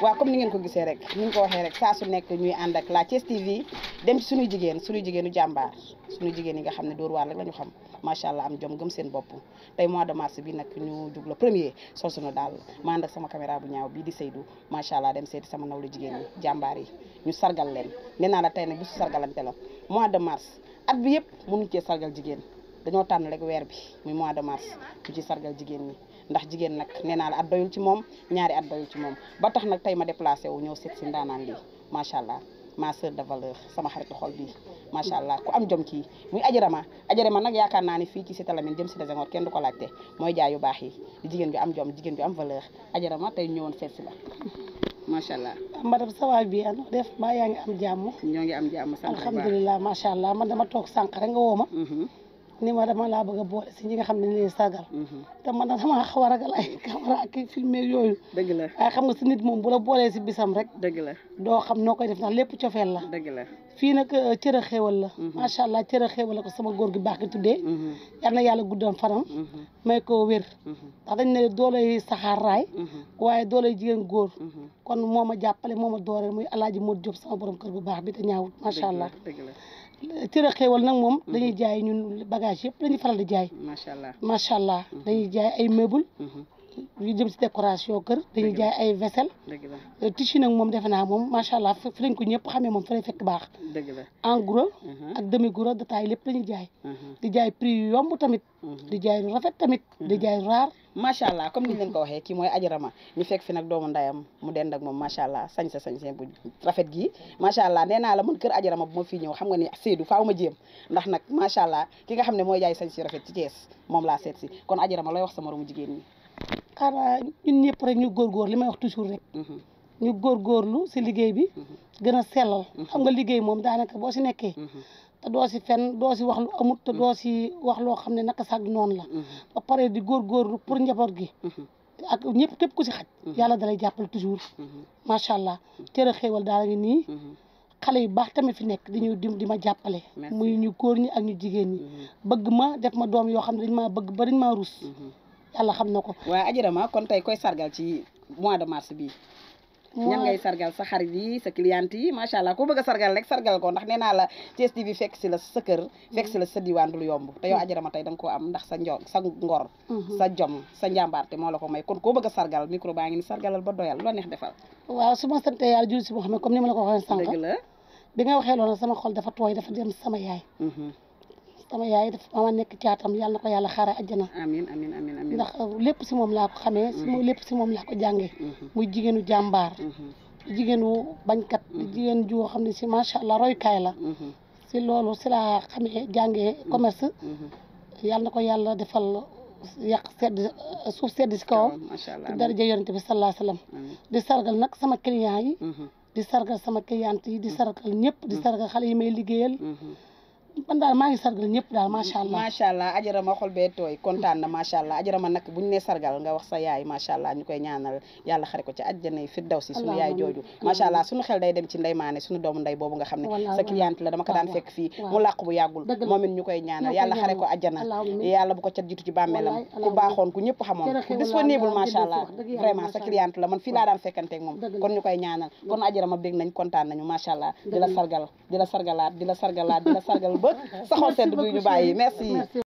wa comme ni ngeen ko gisee rek ni ngi ko waxee rek saa su nekk ñuy ànd ak la Thiès TV dem ci suñu jigéen suñu jigéenu jàmbaar suñu jigéen yi nga xam ne dóor waar rek la ñu xam macha allah am jom gëm seen bopp tey mois de mars bi nag ñu jug la premier sol na daal ma ànd ak sama caméra bu ñaaw bii di Seydou macha allah dem seeti sama nawlu jigéen ñi jàmbaar yi ñu sargal leen nee naa la tey nag bisu sargalante la mois de mars at bi yëpp mënuñ cee sargal jigéen dañoo tànn rek weer bi muy mois de mars ñu ci sargal jigéen ñi ndax jigéen nag nee naa la at doyul ci moom ñaari at doyul ci moom ba tax nag tey ma déplacé wu ñëw seet si macha ma sœur de valeur sama xaritu xol bii macha allah ku am jom kii muy ajarama ajarama nag yaakaar naa ni fii ci Cité Lamy jëm Cité kenn du ko laajte mooy jaay yu baax yi jigéen bi am jom jigéen bi am valeur ajarama tey ñëwoon seet si la macha allah. madame ça va def mbaa yaa am jàmm. ñoo ngi am jàmm sànq alhamdulilah macha allah man dama toog sànq rek nga woo mhm. ni ma dama laa bëgg a boole si ñi nga xam ne dañu leen mhm. te man a ragal ay caméra ak filmé yooyu. dëgg la waaye xam nga si nit moom bu la boolee si bisam rek. dëgg la doo xam noo koy def ndax lépp cofeel la. dëgg la fii nag euh, cër xéewal la. Mhm. macha allah cër xéewal la ko sama góor gi baax gi tuddee. Mhm. yal na yàlla guddoon fanam. may ko wér. ndax dañ ne doolay saxaar raay. waaye doolay jigéen góor. kon moom ma jàppale moom ma dooreel muy El moo jot Diop sama borom kër bu baax bi te ñaawut macha allah. téere xéewal nag moom dañuy mhm. jaay ñun bagage yëpp dañuy faral di jaay macha allah macha allah dañuy mhm. jaay ay meuble mhm. yu jëm si décoration kër dañuy jaay ay vaisselle euh, tissu nag moom defe naa moom macha allah fi lañ ko ñëpp xamee moom fi lañ fekk baax en gros ak demi gros détail lépp lañuy jaay di jaay prix yu yomb tamit di jaay rafet tamit di jaay raar macha allah comme ni ñu ko waxee kii mooy Aji Rama ñu fekk fi nag doomu ndayam mu dend ak moom macha allah sañ sa sañ bu rafet gi macha allah nee naa la man kër Aji Rama bu ma fii ñëw xam nga ni Seydou fa ma jéem ndax nag macha allah ki nga xam ne mooy jaay sañ si rafet ci Thiès moom laa seet si kon Aji Rama looy wax sa moromu jigéen ñi. xanaa ñun ñëpp rek ñu góorgóor li may wax toujours rek. Mm-hmm. ñu góor góorgóorlu si liggéey bi mhm. gën a sellal mhm. xam nga liggéey moom daanaka boo si nekkee mhm. te doo si fen doo si wax lu amut te doo si wax loo xam ne naka sàgg noonu la ba pare di góorgóorlu pour njaboot gi ak ñëpp képp ku si xaj yàlla dalay jàppale toujours macha allah cër xéewal daal ngi nii xale yu baax tamit fi nekk dañuy di di ma jàppale muy ñu góor ñi ak ñu jigéen ñi bëgg ma def ma doom yoo xam ne dañ maa bëgg ba dañ maa rus yàlla xam na ko waaw Adji Rama kon tey koy sargal ci mois de mars bii ñan ngay sargal sa xarit yi sa cliente yi macha allah ko bëgg a sargal rek sargal ko ndax nee naa la Thiès TV fekk si la sa kër fekk si la sa diwaan du yomb te yow mm. ajarama tey da nga koo am ndax sa njom sa ngor mm-hmm. sa jom sa njàmbaarte moo la ko may kon koo bëgg a sargal micro baa ngi ni sargalal ba doyal loo neex defal waaw su ma sante yàlla jul si boo ne comme ni ma la ko waxee sànq sama xol dafa tooy dafa dem sama yaay mm-hmm. sama yaay daf ma nekk caatam yàlla na ko yàlla xaaral àjjana. amiin amiin ndax uh, lépp si moom laa ko xamee. si mm-hmm. lépp si moom laa ko jàngee. Mm-hmm. muy jigéenu jàmbaar. Mm-hmm. jigéenu bañkat. jigéen joo xam ne si macha allah roykaay la. si loolu si laa xamee jàngee commerce. yàlla na ko yàlla defal. yàq sedd suuf sedd si kawam ci daraja yonent bi sallallahu alayhi wasallam di sargal nag sama client yi di sargal sama cliente di sargal ñëpp di sargal xale yi may liggéeyal man daal allah macha xol bee tooy kontaan na macha allah ajara ma nag bu sargal nga wax yaay macha allah ñu koy ñaanal yàlla xare ko ci àjjana firdawsi suñu yaay jooju macha ci ndey maane la dama ko daan fekk ku baaxoon ku ñëpp xamoon ku disponible macha allah vraiment sa cliente man fii daan fekkanteeg moom kon ñu koy ñaanal kon ajara ma nañ kontaan nañu macha allah di sargal di sargalaat di sargal ba sa xol sedd bu ñu bàyyi merci